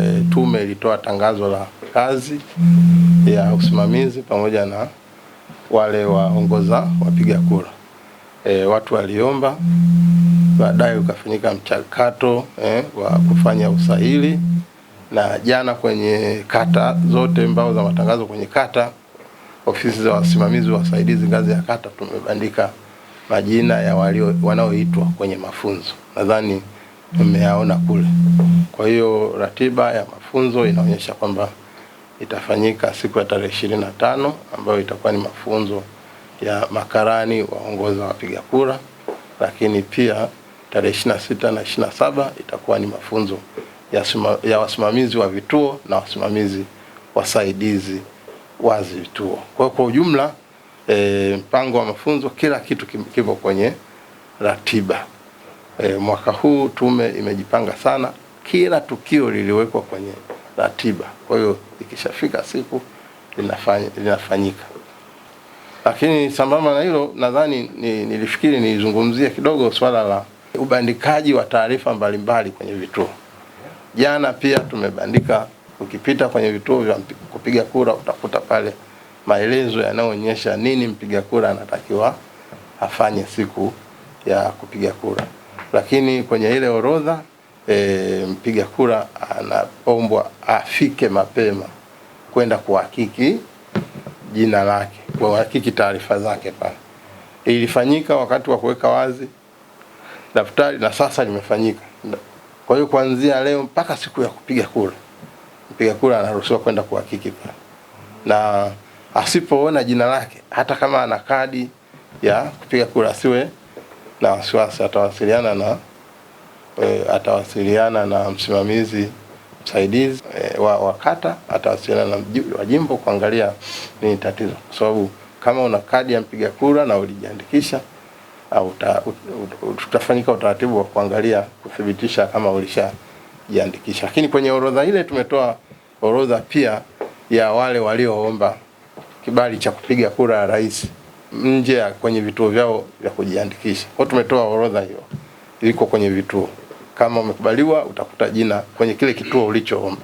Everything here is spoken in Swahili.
e, tume ilitoa tangazo la kazi ya usimamizi pamoja na wale waongoza wapiga kura e, watu waliomba, baadaye ukafanyika mchakato e, wa kufanya usahili na jana kwenye kata zote mbao za matangazo kwenye kata, ofisi za wasimamizi wasaidizi ngazi ya kata, tumebandika majina ya walio wanaoitwa kwenye mafunzo. Nadhani tumeyaona kule. Kwa hiyo ratiba ya mafunzo inaonyesha kwamba itafanyika siku ya tarehe ishirini na tano ambayo itakuwa ni mafunzo ya makarani waongoza wapiga kura, lakini pia tarehe ishirini na sita na ishirini na saba itakuwa ni mafunzo ya, suma, ya wasimamizi wa vituo na wasimamizi wasaidizi wazi vituo. Kwa kwa ujumla, eh, mpango e, wa mafunzo kila kitu kipo kwenye ratiba. E, mwaka huu tume imejipanga sana, kila tukio liliwekwa kwenye ratiba, kwa hiyo ikishafika siku linafanyika. Lakini sambamba na hilo, nadhani nilifikiri nizungumzie kidogo swala la ubandikaji wa taarifa mbalimbali kwenye vituo. Jana pia tumebandika, ukipita kwenye vituo vya kupiga kura utakuta pale maelezo yanayoonyesha nini mpiga kura anatakiwa afanye siku ya kupiga kura lakini kwenye ile orodha e, mpiga kura anaombwa afike mapema kwenda kuhakiki jina lake, kuhakiki taarifa zake pale. Ilifanyika wakati wa kuweka wazi daftari na sasa limefanyika. Kwa hiyo kuanzia leo mpaka siku ya kupiga kura, mpiga kura anaruhusiwa kwenda kuhakiki pale, na asipoona jina lake, hata kama ana kadi ya kupiga kura, asiwe na wasiwasi, atawasiliana na e, atawasiliana na msimamizi msaidizi e, wa, wa kata, atawasiliana na wa jimbo kuangalia nini tatizo, kwa sababu kama una kadi ya mpiga kura na ulijiandikisha uta, utafanyika utaratibu wa kuangalia kuthibitisha kama ulishajiandikisha. Lakini kwenye orodha ile tumetoa orodha pia ya wale walioomba kibali cha kupiga kura ya rais nje ya kwenye vituo vyao vya kujiandikisha. Kwa tumetoa orodha hiyo, iliko kwenye vituo. Kama umekubaliwa utakuta jina kwenye kile kituo ulichoomba.